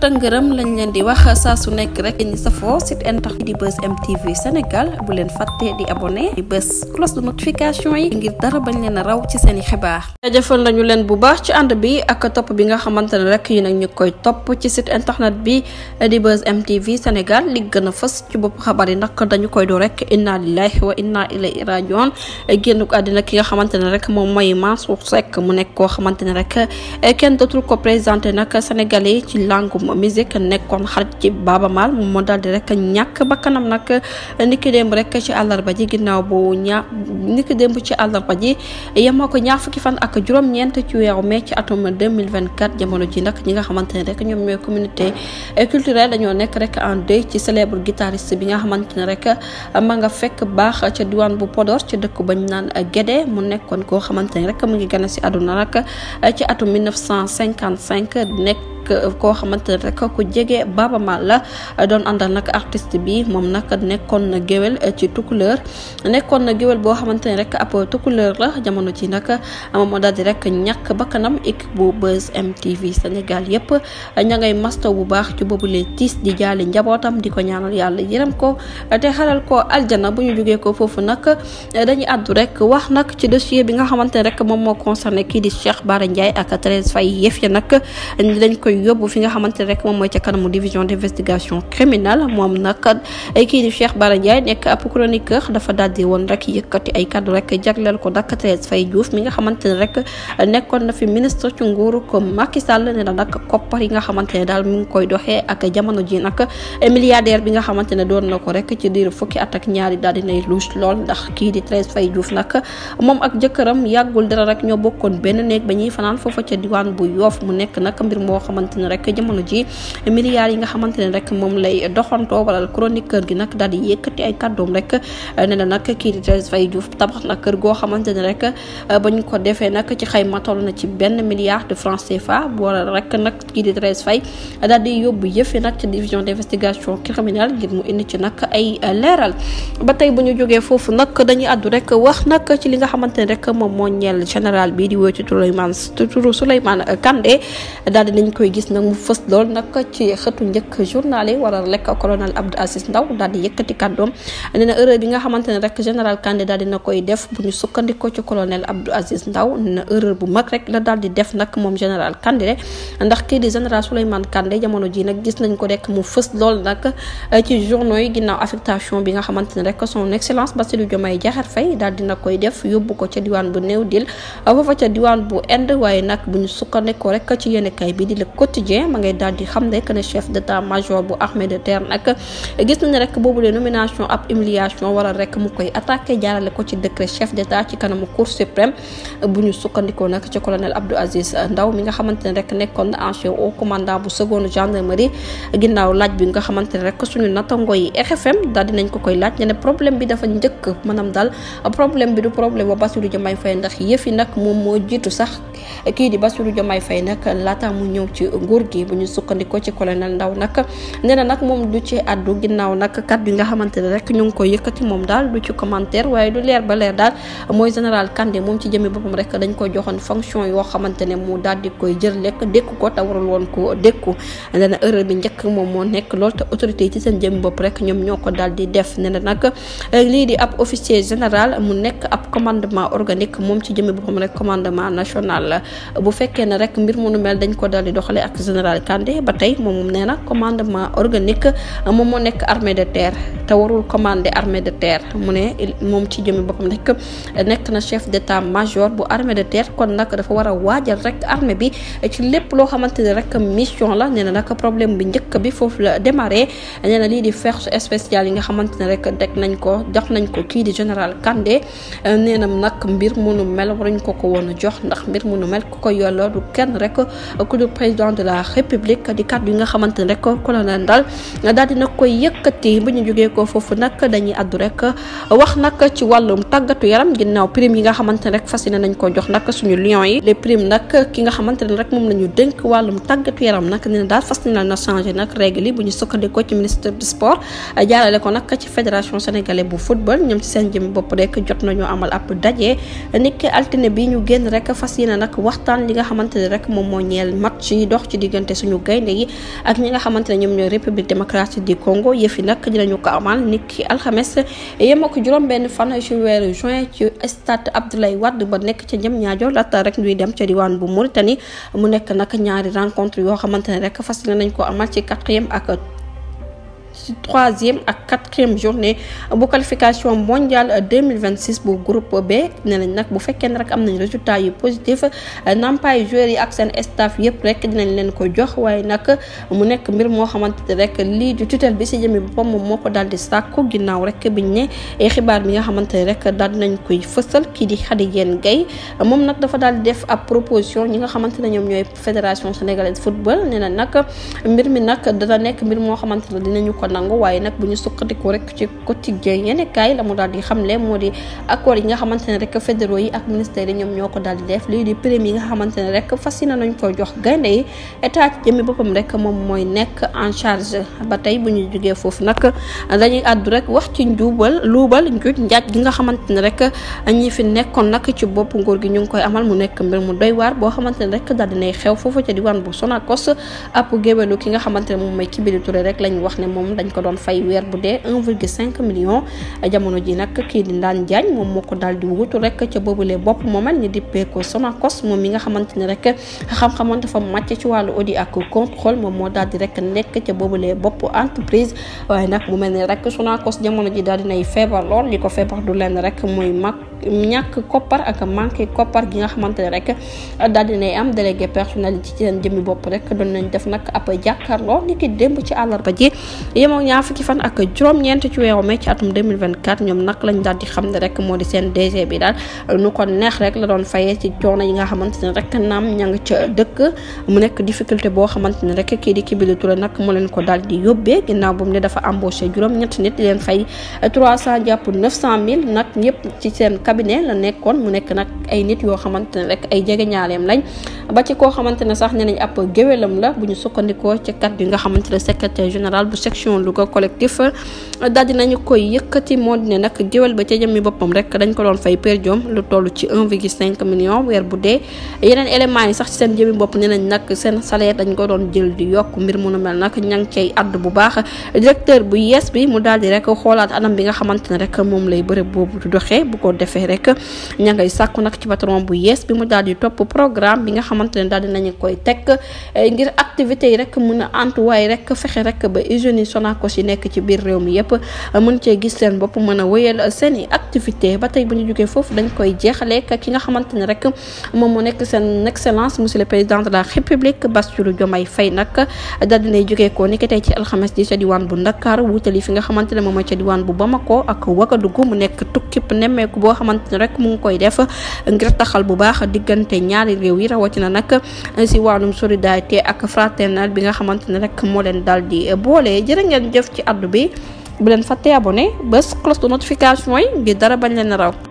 tëngërëm lañ leen di wax saa su nekk rek ñu safoo site internet di bës MTV Sénégal bu leen fàtte di abonné di bës cloche de notification yi ngir dara bañ leen a raw ci seen i xibaar. jëfal nañu leen bu baax ci ànd bi ak topp bi nga xamante ne rek yi nag ñu koy topp ci site internet bi di bës MTV Sénégal li gën a fës ci bopp xabaar yi nag dañu koy do rek inna lillahi wa inna ilayhi génn ko àddina ki nga xamante ne rek moom mooy Mansour Seck mu nekk koo xamante ne rek kenn dootul ko présenté nag Sénégalais ci langue ke nekkon xarit ci Baba mal, mo dal di rek ñàkk bakkanam nak niki démb rek ci àllarba ji ginnaw bo ñak niki démb ci àllarba ji yamako ñaar fukki fan ak juroom ñent ci ci atum 2024 jamono ji nak ñi nga xamantene rek ñom ñoy communauté culturelle dañu nek rek en deux ci célèbre guitariste bi nga xamantene rek ma nga fekk bax ci diwan bu Podor ci dekk bañ nan gédé mu nekkon ko xamantene rek mu ngi gëna ci aduna nak ci atom 1955 nek ko xamantene rek ko jégué Baba Maal la doon àndal nag artiste bi mom nak nekkon na gewel eh, ci tukuleur nekkon na gewel bo xamantene rek ab tukuleur la jamono ci am mo dal di rek ñak bakanam équipe bu Buzz MTV senegal yépp ña ngay masto bu baax ci le tis di jali njabotam di ko ñaanal yalla yeeram ko té xalal ko aljana bu ñu joggé ko fofu nak eh, dañuy addu rek wax nak ci dossier bi nga xamantene rek mom mo concerné ki di Cheikh Bara ndjay ak 13 fay yef ya nak dañ ko koy yóbbu fi nga xamante rek moom mooy ca kanamu division d'investigation criminelle moom nag kii di Cheikh Bara Ndiaye nekk ab chroniqueur rek jagleel ko Dakar Thérèse Faye Diouf mi nga xamante ne rek na fi ministre ci nguuru ko Macky Sall ne la nag koppar yi nga xamante ne daal mi ngi koy doxee ak jamono ji nag milliardaire bi nga xamante ne doon na ko rek ci diiru fukki at ak ñaari daal dinay louche lool ndax kii di Thérèse Faye Diouf nag moom ak jëkkëram yàggul dara rek ñoo bokkoon benn néeg ba ñuy fanaan foofa ca diwaan bu yoof mu nekk nag mbir moo xamante xamante ne rek jamono ji milliards yi nga xamante ne rek moom lay doxantoo wala chroniqueur gi eh, na nag kii di Thérèse ne eh, ba ñu ko defee nag ci xayma toll na ci benn milliard de francs CFA bu waral rek nag kii di Thérèse Faye daal di yóbbu yëfi nag ci division d'investigation criminelle ngir mu indi ci nag ay eh, leeral ba tey bu ñu jógee foofu nag dañuy àddu rek wax nag ci li nga xamante ne rek moom moo ñeel général bi di woy ci Souleymane Touré Souleymane Kandé daal di nañ koy gis nag mu fës lool nag ci xëtu njëkk journal yi waral rek colonel Abdou Aziz Ndaw daal di yëkkati kàddoom nee na bi nga xamante ne rek général Kandé daal dina koy def bu ñu sukkandikoo ci colonel Abdou Aziz Ndaw na erreur bu mag rek la daal di def nag moom général Kandé ndax kii di général Souleymane Kandé jamono ji nag gis nañ ko rek mu fës lool nag ci journaux yi ginnaaw affectation bi nga xamante ne rek son excellence Bassirou Diomaye Diakhar Faye daal dina koy def yóbbu ko ca diwaan bu néew dil foofa ca diwaan bu Inde waaye nag bu ñu sukkandikoo rek ci yéenekaay bi di lëkk quotidien ma ngay daal di xam ne que ne chef d'état major bu armée de terre nag gis nañ rek boobu le nomination ab humiliation waral rek mu koy attaqué jaarale ko ci décret chef d'état ci kanamu cour suprême bu ñu sukkandikoo nag ci colonel Abdou Aziz Ndaw mi nga xamante rek nekkoon na ancien haut commandant bu seconde gendarmerie ginnaaw laaj bi nga xamante ne rek suñu nattangoo yi RFM daal dinañ ko koy laaj ne ne problème bi dafa njëkk maanaam daal problème bi du problème ba Bassirou Diomaye Faye ndax yëf yi nag moom moo jiitu sax kii di Bassirou nguur gi bu ñu sukkandikoo ci colonel Ndaw nag nee na nag moom du ci addu ginnaaw nag kat yi nga xamante ne rek ñu ngi koy yëkkati moom daal du ci commentaire waaye du leer ba leer daal mooy général kande moom ci jëmmi boppam rek dañ ko joxoon fonction yoo xamante ne mu daal di koy jël lekk dékku ko te warul woon ko dékku nee na erreur bi njëkk moom moo nekk lool te autorité yi ci seen jëmmi bopp rek ñoom ñoo ko daal di def nee na eh, lii di ab officier général mu nekk ab commandement organique moom ci jëmmi boppam rek commandement national la bu fekkee ne rek mbir mu nu mel dañ ko daal di doxale boole ak général Kandé ba tey moom nee na commandement organique euh, moom moo nekk armée de terre te warul commander armée de terre mu ne moom ci jëmmi boppam rek euh, nekk na chef d'état major bu armée de terre kon nag dafa war a waajal rek armée bi ci lépp loo xamante ne rek mission la nee na problème bi njëkk bi foofu la démarré nee lii di force spéciale yi nga xamante ne rek teg nañ ko jox nañ ko kii di général Kandé euh, nee na nag mbir munu mel waruñ ko ko woon jox ndax président de la république di kàddu yi nga xamante ne rek colonel Ndal daal dina koy yëkkati bu ñu jógee ko foofu nag dañuy addu rek wax nag ci wàllum tàggatu yaram ginnaaw prime yi nga xamante rek moom la match yi dox dox ci diggante suñu gaynde yi ak ñi nga xamante ne ñoom ñooy république démocratique du Congo yëfi nag dinañu ko amal niki alxames yem ak juróom-benn fan ci weeru juin ci stade Abdoulaye wadd ba nekk ca jëm ñaajo laata rek ñuy dem ca diwaan bu tani mu nekk nag ñaari rencontre yoo xamante ne rek fas nañ ko amal ci quatrième aka ci troisième ak quatrième journée bu qualification mondiale 2026 bu groupe B ne nañ nag bu fekkee ne rek am nañ résultat yu positif nampaay joueurs yi ak seen staff yëpp rek dinañ leen ko jox waaye nag mu nekk mbir moo xamante ne rek lii di tutelle bi si jëmee boppam moom moo ko daal di sàkku ginnaaw rek biñ ne xibaar bi nga xamante ne rek daal dinañ koy fësal kii di Khady Diène Gaye moom nag dafa daal di def a proposition ñi nga xamante ne ñoom ñooy fédération sénégalaise football nee na nag mbir mi nag dana nekk mbir moo xamante ne dinañu ko nangu waaye nag bu ñu sukkandiku rek ci quotidien yenn kaay la mu daal xam xamle moo di accord yi nga xamante ne rek fédéraux yi ak ministère yi ñoom ñoo ko daal di def lii di prime yi nga xamante ne rek fas yéene nañ ko jox gaynde yi état ci jëmmi moom mooy nekk en charge ba tey bu ñu jógee foofu nag dañuy àddu rek wax ci njuubal luubal njuuj njaaj gi nga xamante ne rek ñi fi nekkoon nag ci bopp nguur gi ñu ngi koy amal mu nekk mbir mu doy waar boo xamante ne rek daal dinay xew foofu ca diwaan bu Sonacos ab géwélu ki nga xamante ne moom mooy Kibili Touré rek lañ wax ne moom moom dañ ko doon fay weer bu dee 1,5 million jamono ji nag kii di Ndane Diagne moom moo ko daal di wutu rek ca boobule bopp moomal ñu dippee ko Sonacos moom mi nga xamante ne rek xam-xamam dafa màcc ci wàllu audi ak contrôle moom moo daal di rek nekk ca boobulee bopp entreprise waaye nag mu mel ni rek Sonacos jamono ji daal dinay feebar lool li ko feebar du lenn rek muy mag ñàkk koppar ak manqué koppar gi nga xamante ne rek daal dinay am délégué personnel ci seen jëmmi bopp rek doon nañ def nag ab jàkkaarloo ni ki démb ci àllarba ji yemoo ñaar fukki fan ak juróom-ñeent ci weeru mai ci atum 2024 ñoom nag lañ daal di xam ne rek moo di seen DG bi daal nu ko neex rek la doon fayee ci coono yi nga xamante ne rek naam ña nga ca dëkk mu nekk difficulté boo xamante ne rek kii di Kibili Touré nag moo leen ko daal di yóbbee ginnaaw bu mu ne dafa embauché juróom-ñett nit di leen fay 300 jàpp 900 mille nag ñëpp ci seen cabinet la nekkoon mu nekk nag ay nit yoo xamante ne rek ay jege ñaaleem lañ ba ci koo xamante ne sax nee nañ ab géwélam la bu ñu sukkandikoo ci kat yi nga xamante ne secrétaire général bu section association Louga collectif euh, daal dinañu koy yëkkati moo di ne nag géwél ba jëmmi boppam rek dañ ko doon fay per lu toll ci 1,5 million weer bu dee yeneen éléments yi sax ci seen jëmmi bopp nee nañ nag seen salaire dañ ko doon jël di yokk mbir mu nu mel nag ña ngi cay àdd bu baax directeur bu yees bi mu daal di rek xoolaat anam bi nga xamante ne rek moom lay bërëb boobu di doxee bu ko defee rek ña ngay sàkku nak ci patron bu yees bi mu daal di topp programme bi nga xamante ne daal dinañu koy teg eh, Sonacos yi nekk ci biir réew mi yëpp mën cee gis seen bopp mën a wéyal seen i activité ba tey bu ñu jógee foofu dañ koy jeexalee ki nga xamante ne moo ko ni ki tey ci alxames di ca diwaan bu Ndakaaru wutali fi ne moom mooy ca diwaan bu Bamako mu nekk tukkib nemmeeku boo bu baax diggante ñaari réew yi rawatina nag si wàllum solidarité ak fraternel bi nga xamante ne rek moo leen daal di boole jërë ngeen jëf ci addu bi bu leen fàttee abonné bés cloche de notification yi ngir dara bañ leen raw